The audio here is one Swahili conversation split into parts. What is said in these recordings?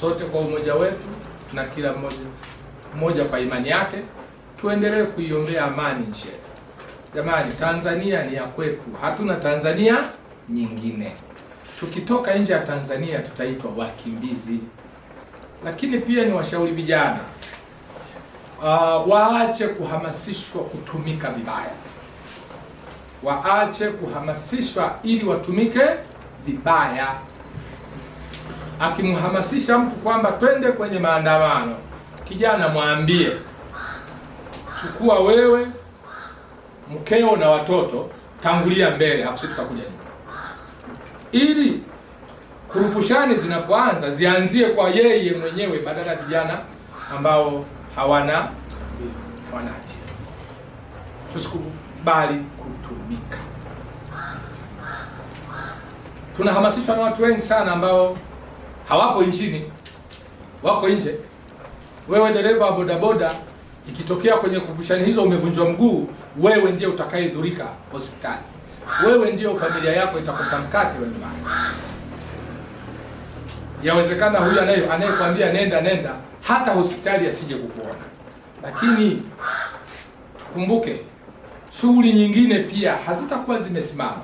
sote kwa umoja wetu na kila mmoja mmoja kwa imani yake tuendelee kuiombea amani nchi yetu. Jamani, Tanzania ni ya kwetu, hatuna Tanzania nyingine. Tukitoka nje ya Tanzania tutaitwa wakimbizi. Lakini pia ni washauri vijana uh, waache kuhamasishwa kutumika vibaya, waache kuhamasishwa ili watumike vibaya akimhamasisha mtu kwamba twende kwenye maandamano, kijana mwambie, chukua wewe mkeo na watoto, tangulia mbele, afu sisi tutakuja nyuma, ili kurupushani zinapoanza zianzie kwa yeye mwenyewe badala ya vijana ambao hawana hawana hatia. Tusikubali kutumika. Tunahamasishwa na watu wengi sana ambao hawapo nchini, wako nje. Wewe dereva wa bodaboda, ikitokea kwenye kukushani hizo umevunjwa mguu, wewe ndiye utakayedhurika hospitali, wewe ndiyo familia yako itakosa mkate wa nyumbani. Yawezekana huyu anayekwambia nenda nenda, hata hospitali asije kukuona. Lakini tukumbuke shughuli nyingine pia hazitakuwa zimesimama.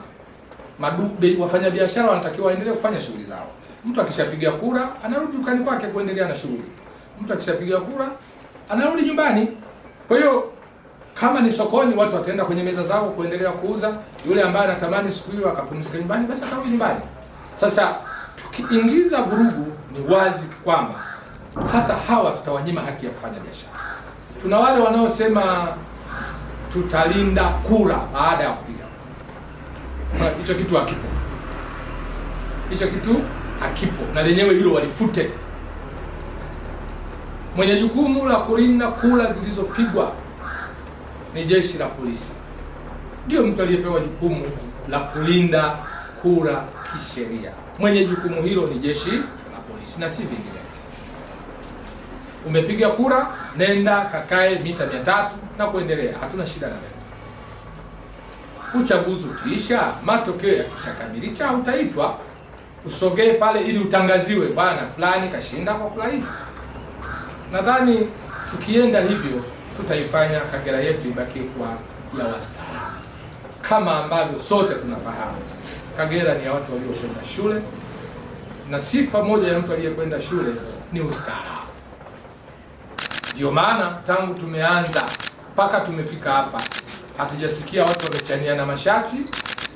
wafanyabiashara wanatakiwa waendelee kufanya shughuli zao. Mtu akishapiga kura anarudi dukani kwake kuendelea na shughuli. Mtu akishapiga kura anarudi nyumbani. Kwa hiyo kama ni sokoni, watu wataenda kwenye meza zao kuendelea kuuza. Yule ambaye anatamani siku hiyo akapumzika nyumbani, basi atarudi nyumbani. Sasa tukiingiza vurugu, ni wazi kwamba hata hawa tutawanyima haki ya kufanya biashara. Tuna wale wanaosema tutalinda kura baada ya kupiga. Hicho kitu hakipo, hicho kitu hakipo na lenyewe hilo walifute. Mwenye jukumu la kulinda kura zilizopigwa ni jeshi la polisi, ndio mtu aliyepewa jukumu la kulinda kura kisheria. Mwenye jukumu hilo ni jeshi la polisi na si vingine. Umepiga kura, nenda kakae mita mia tatu na kuendelea, hatuna shida na wewe. Uchaguzi ukiisha, matokeo yakishakamilika, utaitwa usogee pale ili utangaziwe, bwana fulani kashinda kwa urais. Nadhani tukienda hivyo tutaifanya Kagera yetu ibaki kwa ya wastani, kama ambavyo sote tunafahamu Kagera ni ya watu waliokwenda shule, na sifa moja ya mtu aliyekwenda shule ni ustaarabu. Ndio maana tangu tumeanza mpaka tumefika hapa hatujasikia watu wamechaniana mashati,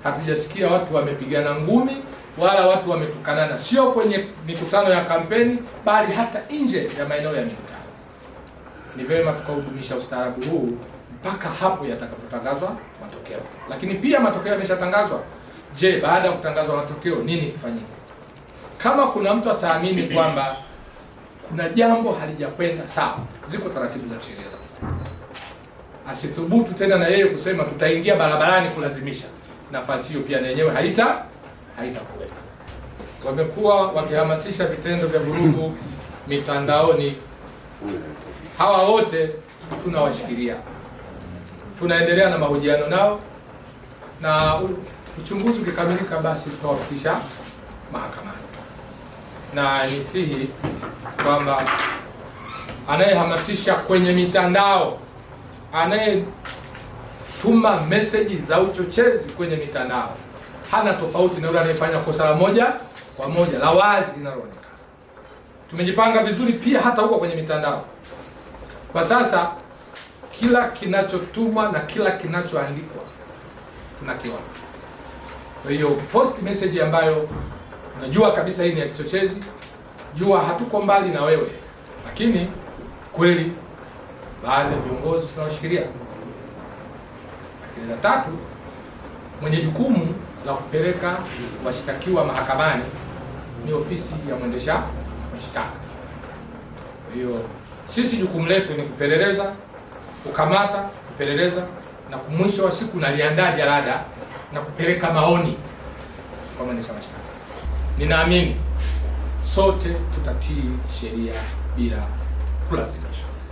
hatujasikia watu wamepigana ngumi wala watu wametukanana, sio kwenye mikutano ya kampeni, bali hata nje ya maeneo ya mikutano. Ni vema tukahudumisha ustaarabu huu mpaka hapo yatakapotangazwa matokeo. Lakini pia matokeo yameshatangazwa, je, baada ya kutangazwa matokeo nini kifanyike? Kama kuna mtu ataamini kwamba kuna jambo halijakwenda sawa, ziko taratibu za sheria za kufanya. Asithubutu tena na yeye kusema tutaingia barabarani kulazimisha. Nafasi hiyo pia na yenyewe haita haitakuwepo. Wamekuwa wakihamasisha vitendo vya vurugu mitandaoni. Hawa wote tunawashikilia, tunaendelea na mahojiano nao, na uchunguzi ukikamilika, basi tutawafikisha mahakamani, na nisihi kwamba anayehamasisha kwenye mitandao, anayetuma meseji za uchochezi kwenye mitandao hana tofauti na yule anayefanya kosa la moja kwa moja la wazi linaloonekana. Tumejipanga vizuri pia hata huko kwenye mitandao. Kwa sasa kila kinachotumwa na kila kinachoandikwa tunakiona. Kwa hiyo post message ambayo unajua kabisa hii ni ya kichochezi, jua hatuko mbali na wewe, lakini kweli baadhi ya viongozi tunawashikilia. Lakini la tatu, mwenye jukumu la kupeleka washtakiwa mahakamani ni ofisi ya mwendesha mashtaka. Kwa hiyo sisi jukumu letu ni kupeleleza, kukamata, kupeleleza na mwisho wa siku naliandaa jalada na kupeleka maoni kwa mwendesha mashtaka. Ninaamini sote tutatii sheria bila kulazimishwa.